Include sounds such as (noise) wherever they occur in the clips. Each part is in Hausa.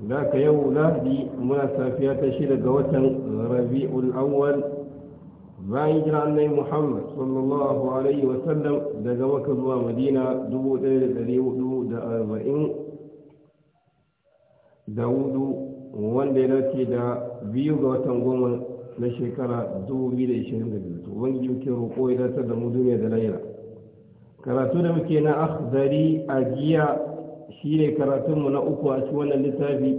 da ka yau lahadi muna safiya ta shida ga watan rabi'ul awwal bayan jira annai muhammad sallallahu alaihi wasallam daga maka zuwa madina 1440 da hudu wanda ya dace da biyu ga watan goma na shekara 2022 ubangiji muke roƙo ya dace da mu duniya da laira karatu da muke na akhdari a jiya shi ne karatunmu na uku a shi wannan littafi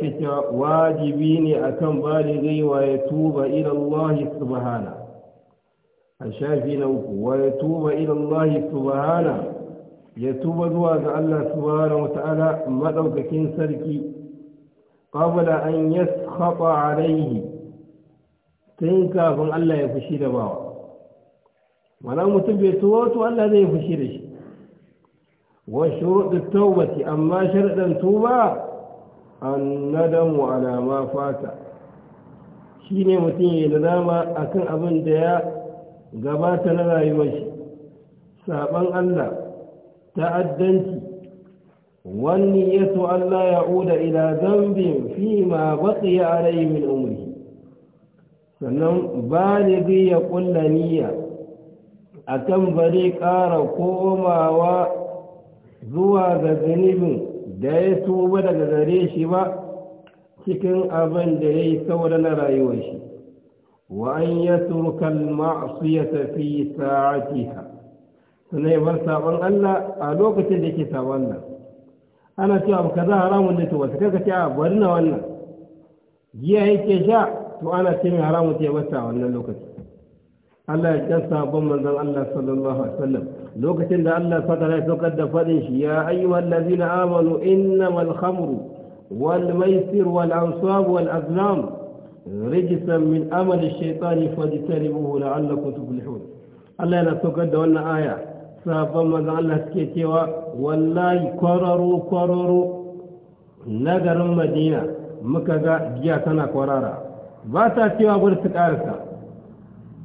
ke cewa wajibi ne akan balighi wa ya tuba ila Allah subhana a shafi na uku wa ya tuba ila Allah subhana ya tuba zuwa ga Allah subhanahu wa ta'ala madaukakin sarki ƙabula an yi haɓa a raihi tun kafin Allah ya fushi da bawa wannan mutum bai tuwa to Allah zai fushi da shi وشروط التوبة أما شرطا توبة الندم على ما فات شيني متين ندم أكن أبن ديا قبات لنا يوشي سابن الله تأدنتي والنية أن لا يعود إلى ذنب فيما بقي عليه من أمره sannan baligi ya kulla niyya akan bari ƙara komawa zuwa ga zunubin da ya tuba daga gare shi ba cikin abin da ya yi saboda na rayuwar shi wa an ya tafi ma'asiyata ha suna yi ya bar sabon Allah a lokacin da ke sabon nan. ana cewa za kaza haramun da to su kaga ce a bari na wannan giya yake sha to ana ce mai haramun ce ya bar wannan lokacin. Allah ya kyan sabon manzon Allah sallallahu alaihi wasallam lokacin da Allah fatara ya saukar da faɗin shi ya ayyuhal ladzina amanu innamal khamru wal maisir wal ansab wal azlam rijsan min amal ash-shaytani fajtanibuhu la'allakum tuflihun Allah yana saukar da wannan aya sabon mazan Allah suke cewa wallahi kwararo kwararo nagarin Madina muka ga giya tana kwarara ba ta cewa bar su karasa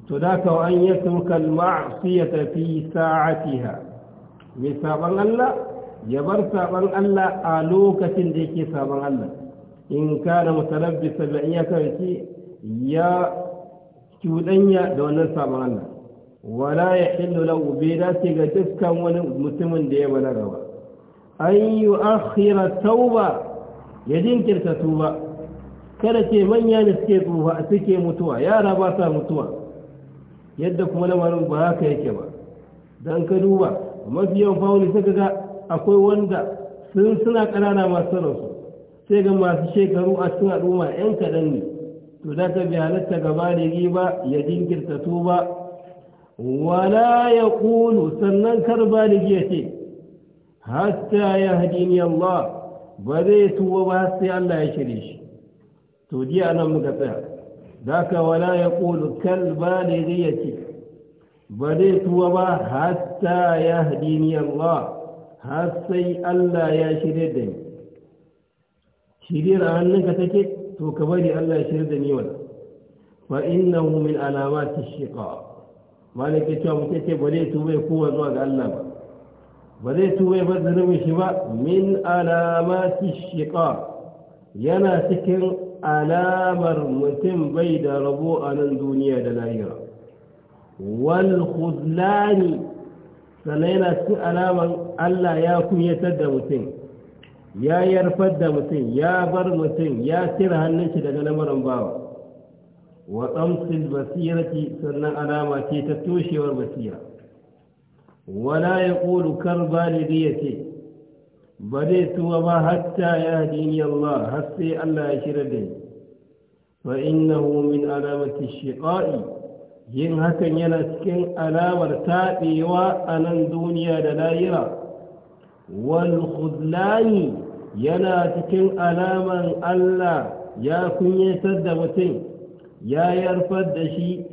to da ka an yi tumkal ma'asiyata fi sa'atiha mai sabon Allah ya bar saban Allah a lokacin da yake sabon Allah in kana mutarabbisa da iyakarki ya cuɗanya da wannan sabon Allah wala ya hillu lahu bai dace ga dukkan wani mutumin da ya balaga ba an yi akhira tauba ya jinkirta tuba kada ce manya ne suke tsufa suke mutuwa yara ba sa mutuwa yadda kuma lamarin ba haka yake ba don ka duba mafi yawan fawuli suka ga akwai wanda sun suna ƙanana masu rasu sai ga masu shekaru a cikin al'umma 'yan kaɗan ne to da ka bi halatta gaba da riba ya jinkirta tuba wala ya kulu sannan kar ba da giya ce hatta ya hadini Allah ba zai tuba ba sai Allah ya shirye shi to jiya nan muka tsaya ذاك ولا يقول كالبالغية بديت وما حتى يهديني الله حتى ألا يا شريدني شرير أنك تكت توكبني ألا يشردني ولا فإنه من علامات الشقاء مالك يتوى متكت بديت ويقوى زواج ألا ba zai tuwe ba zunubin shi ba min alamati shiƙa yana cikin alamar mutum bai da rabo a nan duniya da lahira wal khuzlani sannan yana cikin alamar Allah ya kunyatar da mutum ya yarfar da mutum ya bar mutum ya cire hannun shi daga lamarin bawa wa tsamsil basirati sannan alama ce ta toshewar basira wala ya ƙulu karbali da ya ce ba zai tuwa ba hatta ya hadini Allah har sai Allah ya shirya da ni fa innahu min alamati shiqa'i yin hakan yana cikin alamar taɓewa a nan duniya da lahira wal khudlani yana cikin alaman Allah ya kunyatar da mutum ya yarfar da shi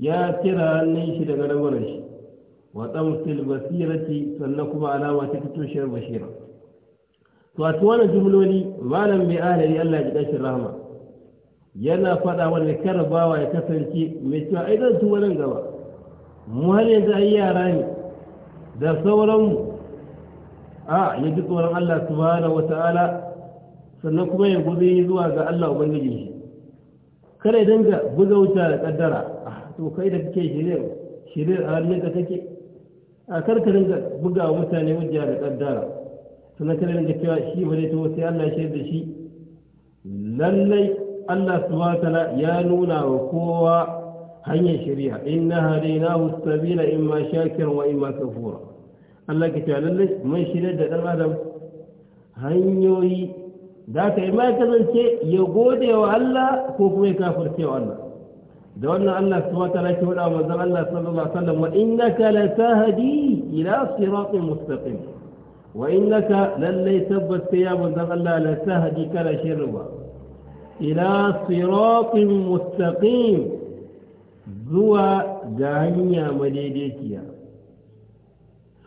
ya kira hannun shi daga rawanar shi wa basirati sannan kuma alama ta fito basira. wato wannan jumloli malam mai alari Allah ya ji rahama yana faɗa wanda karabawa ya kasance mai cewa ai zan tuba nan gaba mu har yanzu ai yara ne da sauranmu a ya ji tsoron Allah subhanahu wata'ala sannan kuma ya yi zuwa ga Allah ubangiji shi kada ya dinga buga wuta da kaddara to kai da kake shirin shirin a halin da take a karkarin buga mutane wuta da kaddara sannan kada rinka cewa shi ba zai taho sai Allah ya da shi lallai Allah subhanahu ta'ala ya nuna wa kowa hanyar shari'a inna hadaynahu in ma shakiran wa in ma kafura Allah ke cewa lallai mun shirya da dan adam hanyoyi da ka yi ma kasance ya gode wa Allah ko kuma ya kafirce wa Allah da wannan Allah subhanahu wataala ke faɗa wa manzon Allah sallallahu alaihi wasallam wa innaka la tahdi ila siratin mustaqim wa innaka lallai tabbas ya manzan Allah la tahdi shirin shirba ila siratin mustaqim zuwa ga hanya madaidaiciya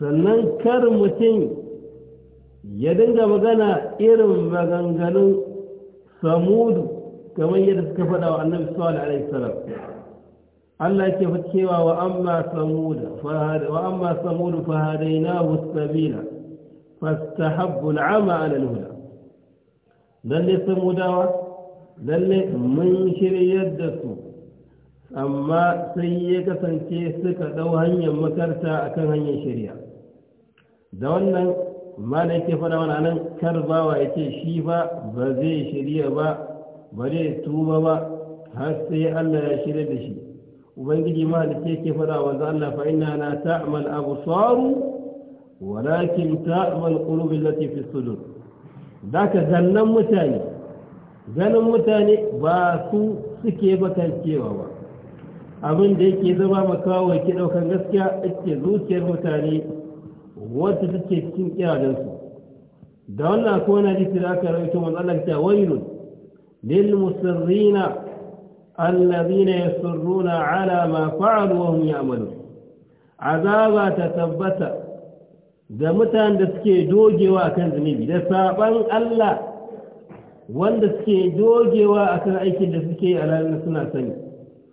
sannan kar mutum ya dinga magana irin maganganun samudu kamar yadda suka faɗa wa annabi sallallahu alaihi wasallam Allah yake cewa wa amma fa wa amma samudu fa hadainahu sabila fastahabbu al'ama ala al-huda lalle gudawa. lalle mun shiryar da su amma sai ya kasance suka ɗau hanyar makarta a kan hanyar shirya da wannan mana yake faɗa wani anan karbawa ya ce shi ba ba zai shirya ba ba zai tuba ba har sai allah ya shirya da shi ubangiji ma da ke faɗa wanzu allah fa na ta'amal abu saru walakin ta'wal qulub allati fi sudur daka zannan mutane ganin mutane ba su suke bakancewa ba abin da yake zama makawa ke daukan gaskiya ake zuciyar mutane wata take cikin kiradansu da wannan ko na ji da aka rawaito matsalar ta wailun lil musirrina allazina yasurruna ala ma fa'alu wa hum ya'malun azaba ta tabbata da mutanen da suke dogewa kan zunubi da saban Allah wanda suke dogewa akan aikin da suke a ranar suna sani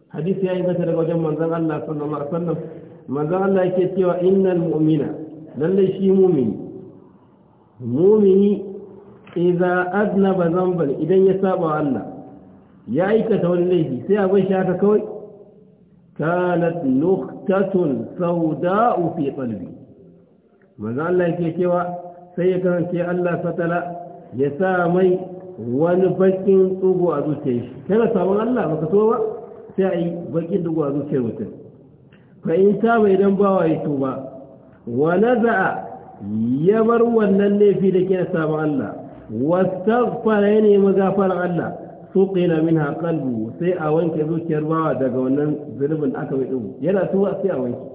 hadisi ya yi gata daga wajen manzon Allah sallallahu alaihi wasallam manzon Allah yake cewa innal mu'mina lallai shi mu'mini mu'mini idza aznaba zamban idan ya saba Allah ya aikata wani laifi sai abin shi haka kawai kanat nuqtatun sawda'u fi qalbi manzo Allah yake cewa sai ya karanta Allah fatala ya sa mai wani bakin tsugo a zuciyar shi kana sabon Allah baka so ba sai a bakin tsugo a zuciyar mutum fa in ta bai dan bawa ya ba? wa naza ya bar wannan laifi da ke sabon Allah wastaghfara ya nemi gafaran Allah suqila minha qalbu sai a wanke zuciyar bawa daga wannan zulubin aka mai dubu yana tuba sai a wanke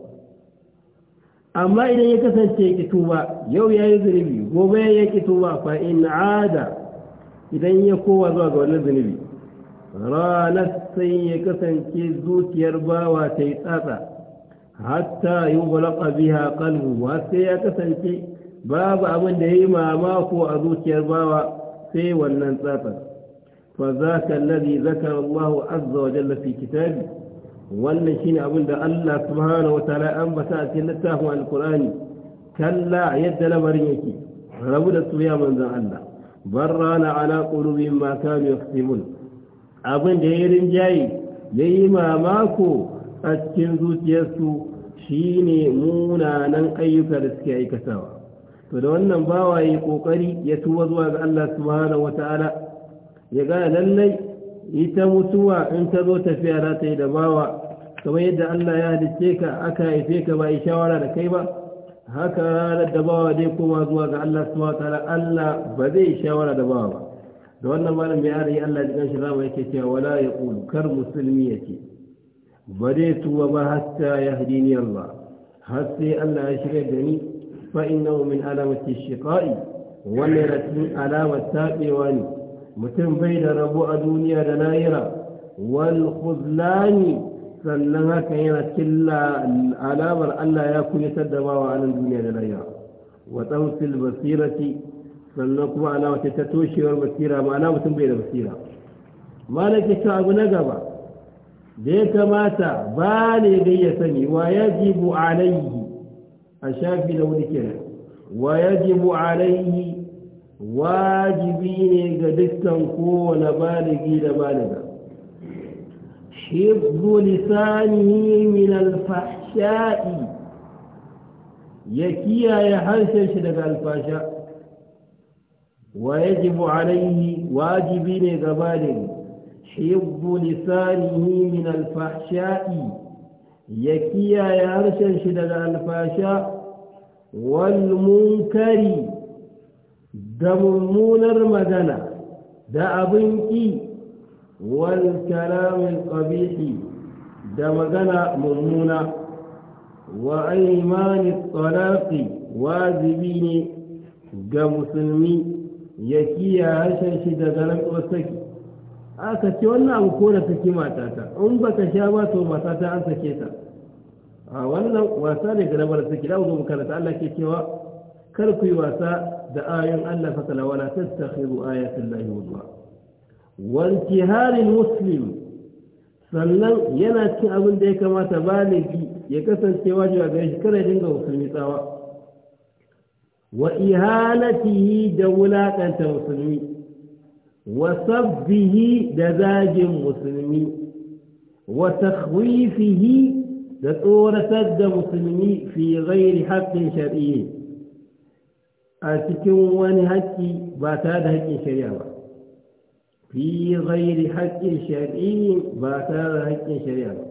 amma idan ya kasance ya tuba yau ya yi zunubi gobe ya ki tuba fa in ada idan ya kowa zuwa ga wannan zunubi ranar sai ya kasance zuciyar bawa ta yi tsatsa hatta yi walaƙa biha kalbu ba sai ya kasance babu abin da ya yi mamako a zuciyar bawa sai wannan tsatsa fa za ka lari zakar Allah azza wa jalla fi kitabi wannan shine abin da Allah subhanahu 'yan ya ambata a cikin littafin alkur'ani kalla yadda lamarin yake rabu da su ya manzon Allah barrana ala qulubihim ma kanu yaktubun abin da ya rinjaye yayi mamako a cikin zuciyarsu shine munanan ayyuka da suke aikatawa to da wannan bawa yayi kokari ya tuba zuwa ga Allah subhanahu wataala ya ga lallai ita mutuwa in ta zo tafiya za ta yi da bawa kamar yadda Allah ya halitte ka aka haife ka ba yi shawara da kai ba haka ranar da bawa zai koma zuwa ga Allah subhanahu wataala Allah ba zai yi shawara da bawa ba da wannan malam ya arayi Allah ya ganshi rama yake cewa wala ya kar musulmi ce. ba zai tuwa ba hatta yahdini Allah har sai Allah ya shirya da ni fa innahu min alamati shiqa'i wannan ratin alamar taɓewa ne mutum bai da rabo a duniya da lahira wal khuzlani sannan haka yana killa alamar Allah ya kunyatar da bawa a duniya da lahira wa tsamsil basirati sannan kuma alama ce ta toshewar basira ma'ana mutum bai da basira malaka cewa abu na gaba da ya kamata ba ne dai ya sani wa yajibu alaihi a shafi da wani kenan wa yajibu alaihi wajibi ne ga dukkan kowane baligi da baliga حفظ لسانه من الفحشاء يكيا يحرشش لك الفحشاء ويجب عليه واجبين قبال حفظ لسانه من الفحشاء يكيا يحرشش لك الفحشاء والمنكر دم المدنة مدنة abin ƙi والكلام القبيح دمغنا ممونا وأيمان الطلاق واجبين كمسلمي يكيا هشن شدة لم وسكي aka ce wannan abu ko da take matata in baka sha ba to matata an sake ta a wannan wasa ne ga rabar take da mu karanta Allah ke cewa kar ku yi wasa da ayoyin Allah fa kala wala tastakhidhu ayatin lahi wa wantiharin muslim sannan yana cin abin da ya kamata baligi ya kasance wajiba gare shi kare dinga musulmi tsawa wa ihanatihi da wulaƙanta musulmi wa sabbihi da zagin musulmi wa takhwifihi da tsoratar da musulmi fi ghairi haƙƙin shari'i a cikin wani haƙƙi ba tare da haƙƙin shari'a ba fi ghairi haƙƙin shari'i ba tare da haƙƙin shari'a ba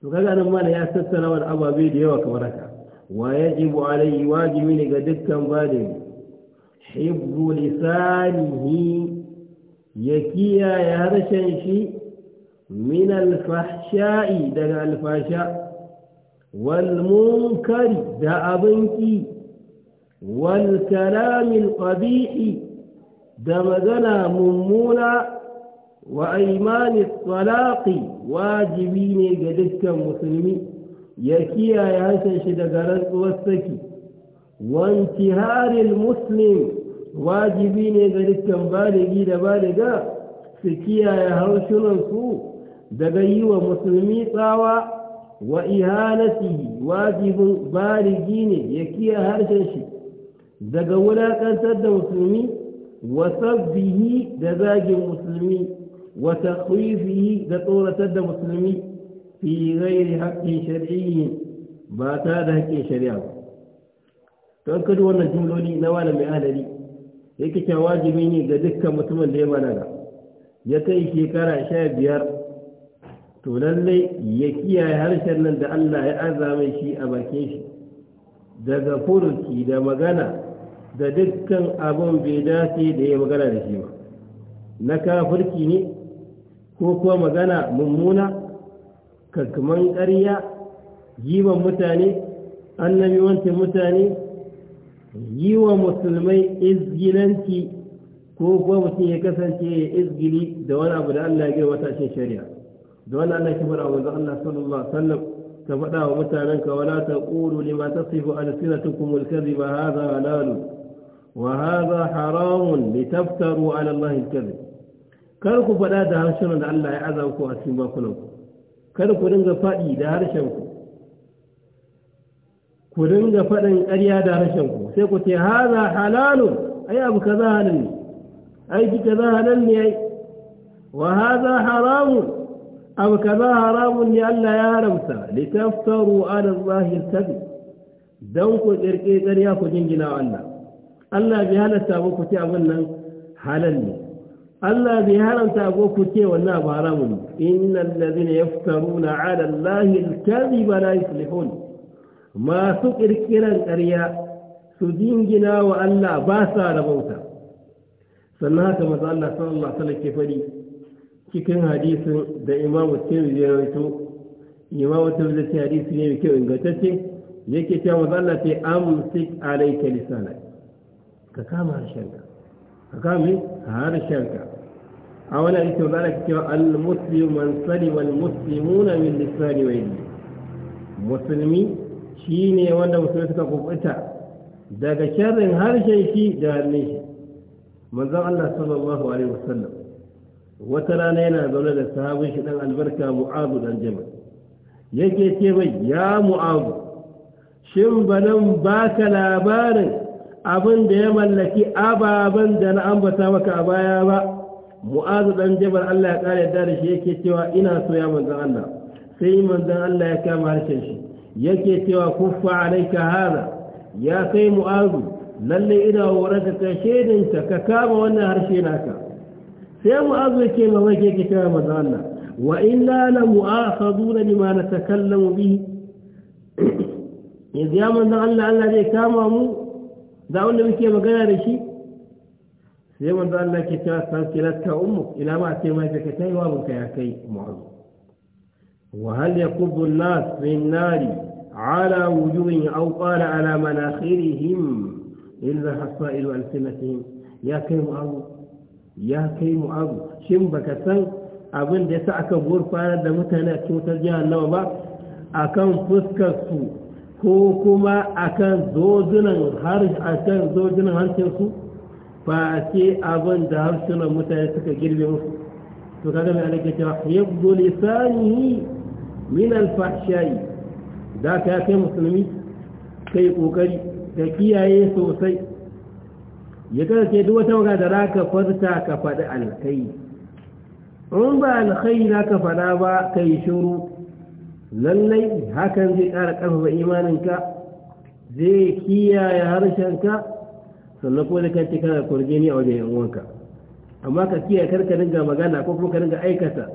to kaga nan mana ya tattara wani ababe da yawa kamar haka wa yajibu alayhi wajibi ne ga dukkan bade? hibbu lisanihi ya kiyaye harshen shi min alfahsha'i daga alfasha wal munkari da abinki wal kalamil qabihi da magana mummuna wa aimani talaqi wajibi ne ga dukkan musulmi ya kiyaye harshen shi daga rantsuwar saki wanti harin muslim wajibi ne ga dukkan baligi da baliga su kiyaye harshunansu daga yi wa musulmi tsawa wa ihanatihi wajibin baligi ne ya kiyaye harshen shi daga wulaƙantar da musulmi wasabbihi da zagin musulmi wa takhwifihi da tsoratar da musulmi fi ghairi haƙƙin shar'iyyin ba ta da haƙƙin shari'a ba don kada wannan jumloli na wani mai adali yake wajibi ne ga dukkan mutumin da ya balaga ya kai shekara sha biyar to lallai ya kiyaye harshen nan da Allah ya azame shi a bakin shi daga furuci da magana da dukkan abin bai dace da ya magana da shi ba na kafirki ne ko kuwa magana mummuna kakkaman ƙarya yiwon mutane annabiwancin mutane yi wa musulmai izgilanci ko kuma mutum ya kasance ya izgili da wani abu da Allah ya wata tashin shari'a da wani Allah shi fara wanzu Allah sallallahu alaihi wasallam ka faɗa wa mutanen ka wala ta ƙuru lima tasifu alsinatukum ba haza halalu وهذا حرام لتفتروا على الله الكذب kar ku faɗa da harshen da Allah ya aza ku a cikin bakunanku kar ku dinga faɗi da harshen ku dinga faɗin ƙarya da harshen ku sai ku ce haza halalun ai abu kaza halal ne ai ki za halal ne ai wa haza haramun abu kaza haramun ne Allah ya haramta litaftaru ala Allah al-kadhib dan ku kirkire ƙarya ku jingina Allah Allah bai halatta ba ku ce abin nan halal ne Allah bai haramta ba ku ce wannan abu haramun innal ladina yaftaruna ala allahi al-kadhiba la yuflihun masu kirkiran ƙarya su dingina wa Allah ba sa rabauta sannan haka maza Allah sallallahu alaihi wasallam ke fari cikin hadisin da Imam Tirmidhi ya rawaito Imam Tirmidhi hadisi ne mai kyau ingantacce yake cewa maza Allah sai amsik alayka lisanak ka kama harshenka ka kame harshenka a wani ba za ka cewa al-muslimu man tsari, al-muslimuna min lissani wa yi musulmi shi ne wanda musulmi suka kubuta daga sharrin harshen shi da hannun shi manzan Allah sallallahu alaihi wasallam wata rana yana zaune da sahabin shi dan albarka mu'adu dan jabal yake ce mai ya mu'adu shin banan ka labarin abin da ya mallaki ababen da na ambata maka a baya ba mu'azu dan jabal Allah ya kare da shi yake cewa ina so ya manzan Allah sai manzan Allah ya kama harshen shi yake cewa kuffa alayka hada ya kai mu'azu lalle ina horar da ka ta ka kama wannan harshe naka sai mu'azu yake ma wake yake cewa manzan Allah wa illa la mu'akhaduna bima natakallamu bihi (coughs) yanzu ya manzon Allah Allah zai kama mu da wanda muke magana da shi sai manzo Allah ke cewa sankilat latta ummu ila ma sai mai ka kai wa mun kai kai mu'azu wa hal yakubu an-nas min nari ala wujuhin aw qala ala manakhirihim illa hasailu alsinatihim ya kai mu'azu ya kai mu'azu shin baka san abin da yasa aka gurfanar da mutane a cikin wutar jihar nawa ba akan fuskar su ko kuma akan zojunan harshen zojunan harshensu ba ce abin da harsunan mutane suka girbe musu to kaga mai alaƙa cewa gole sani min alfahshayi da ka ya kai musulmi kai kokari Da kiyaye sosai ya ce duk wata magana da ka farta ka faɗi alkai in ba alkai za ka faɗa ba kai shiru lallai hakan zai ƙara ƙarfafa imaninka zai kiyaye harshenka sannan kuma da ce kana ni a wajen uwanka amma ka kiyaye karka dinga magana ko kuma ka dinga aikata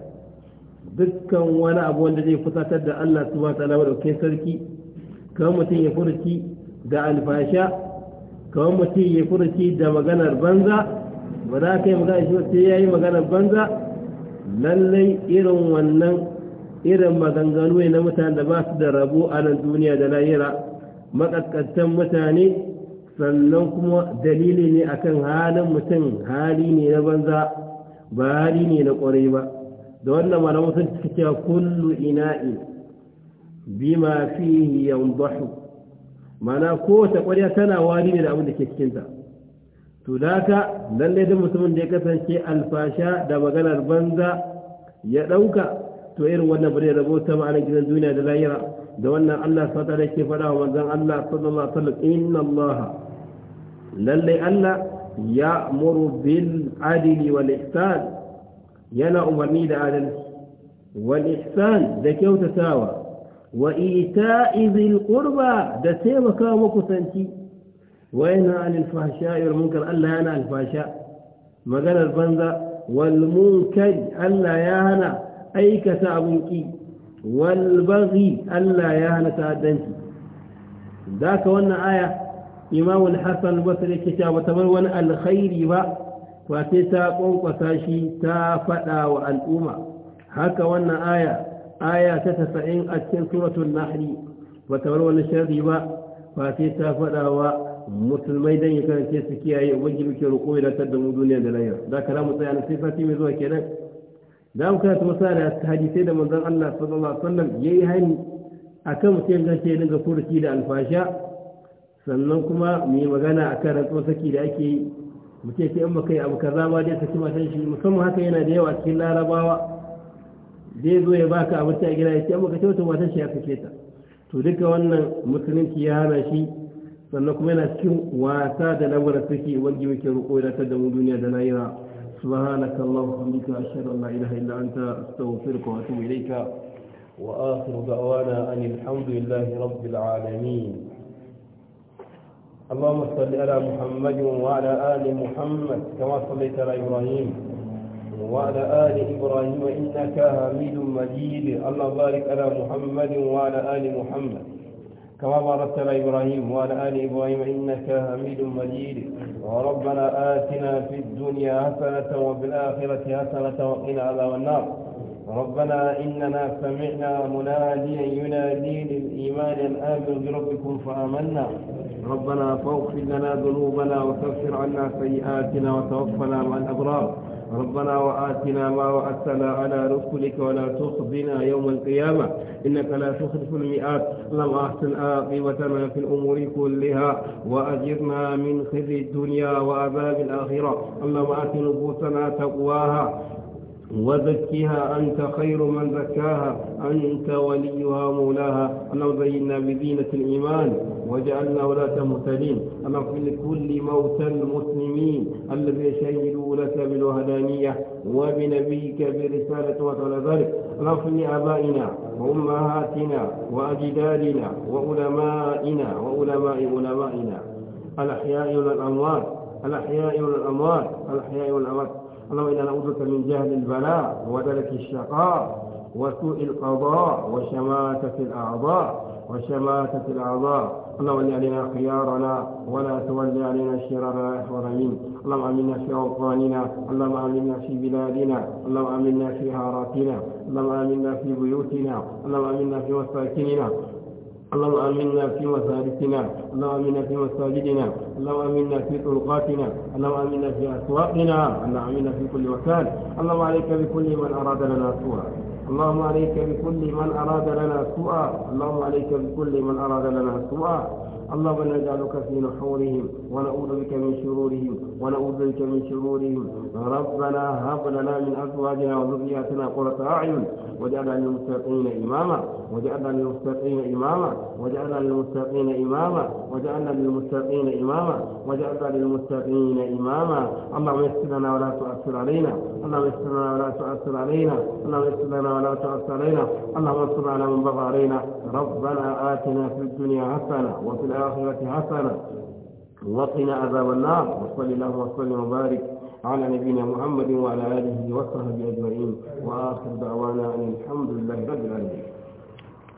dukkan wani abu wanda zai fusatar da Allah subhanahu wataala madaukakin sarki kamar mutum ya furci da alfasha kamar mutum ya furci da maganar banza ba za ka yi magana shi sai ya yi maganar banza lallai irin wannan irin maganganu ne na mutane da ba su da rabo a nan duniya da lahira makaskantan mutane sannan kuma dalili ne akan halin mutum hali ne na banza ba hali ne na kwarai ba da wannan malamu sun cika cewa kullu ina'i bima fi yandahu mana kowace kwarya tana wari ne da abin da ke cikinta to lallai da mutumin da ya kasance alfasha da maganar banza ya ɗauka to irin wannan bare rabo ta ma'anar gidan duniya da layira. da wannan Allah sata da ke faɗa wa manzon Allah sallallahu alaihi wasallam inna Allah lalle Allah ya muru bil adli wal ihsan yana umarni da adalci wal ihsan da kyautatawa wa ita'i zil qurba da taimaka makusanci wa yana anil fahsha munkar Allah yana al fahsha maganar banza wal munkar Allah ya hana أيك تعبنك والبغي ألا يهنة أدنك ذاك وانا آية إمام الحسن البصري كتاب تبلون الخير با وتتاقون قساشي تافتا والأمة هكا وانا آية آية تتسعين أتين سورة النحل وتبلون الشر با وتتافتا والمسلمين يكون كيسكي أي وجبك رقوي لتدمو دنيا دلائر ذاك لا مطيعنا صفاتي مذوكي لك da mu karanta masa da hadisi da manzon Allah sallallahu alaihi wasallam yayi hani akan mutum da ke dinga furuci da alfasha sannan kuma mu yi magana akan rantsuwar saki da ake yi mu ce in baka kai abu kaza ba dai saki matan shi musamman haka yana da yawa cikin larabawa zai zo ya baka abinci a gida ya ce in baka wata matan shi ya sake ta to duka wannan musulunci ya hana shi sannan kuma yana cikin wasa da lamarin saki wanda yake roƙo ta da mu duniya da lahira سبحانك اللهم وبحمدك أشهد أن لا إله إلا أنت أستغفرك وأتوب إليك وآخر دعوانا أن الحمد لله رب العالمين اللهم صل على محمد وعلى آل محمد كما صليت على إبراهيم وعلى آل إبراهيم إنك حميد مجيد اللهم بارك على محمد وعلى آل محمد كما باركت على إبراهيم وعلى آل إبراهيم إنك حميد مجيد وربنا آتنا في الدنيا حسنة وفي الآخرة حسنة وقنا عذاب النار ربنا إننا سمعنا مناديا ينادي للإيمان أن آمنوا بربكم فآمنا ربنا فاغفر لنا ذنوبنا وكفر عنا سيئاتنا وتوفنا مع الأبرار ربنا وآتنا ما وعدتنا على رسلك ولا تخزنا يوم القيامة إنك لا تخلف المئات اللهم أحسن عاقبتنا في الأمور كلها وأجرنا من خزي الدنيا وعذاب الآخرة اللهم آت نفوسنا تقواها وزكها أنت خير من زكاها أنت وليها مولاها اللهم زينا بزينة الإيمان وجعلنا ولاة مهتدين اللهم اغفر لكل موتى المسلمين الذين شهدوا لك بالوهدانية وبنبيك برسالة وعلى ذلك اللهم اغفر لآبائنا وأمهاتنا وأجدادنا وعلمائنا وعلماء علمائنا الأحياء والأموات الأحياء والأموات الأحياء والأموات اللهم إنا نعوذك من جهل البلاء ودرك الشقاء وسوء القضاء وشماتة الأعضاء وشماتة الأعضاء اللهم ول علينا خيارنا ولا تول علينا شرارنا يا حرمين اللهم امنا في اوطاننا اللهم امنا في بلادنا اللهم امنا في هاراتنا اللهم امنا في بيوتنا اللهم امنا في مساكننا اللهم آمنا في مساجدنا اللهم آمنا في مساجدنا اللهم آمنا في طرقاتنا اللهم آمنا في أسواقنا اللهم آمنا في كل مكان اللهم عليك بكل من أراد لنا سوءا اللهم عليك بكل من أراد لنا سوءا اللهم عليك بكل من أراد لنا سوءا اللهم نجعلك في نحورهم ونعوذ بك من شرورهم ونعوذ بك من شرورهم ربنا هب لنا من أزواجنا وذرياتنا قرة أعين واجعلنا للمتقين إماما واجعلنا للمتقين إماما واجعلنا للمتقين إماما واجعلنا للمتقين إماما واجعلنا للمتقين إماما اللهم يسر لنا ولا تؤثر علينا اللهم يسر لنا ولا تؤثر علينا اللهم يسر لنا ولا تأس علينا اللهم انصر على من بغى علينا ربنا آتنا في الدنيا حسنة وفي الآخرة حسنة وقنا عذاب النار وصلى الله وسلم وبارك على نبينا محمد وعلى آله وصحبه أجمعين وآخر دعوانا أن الحمد لله رب العالمين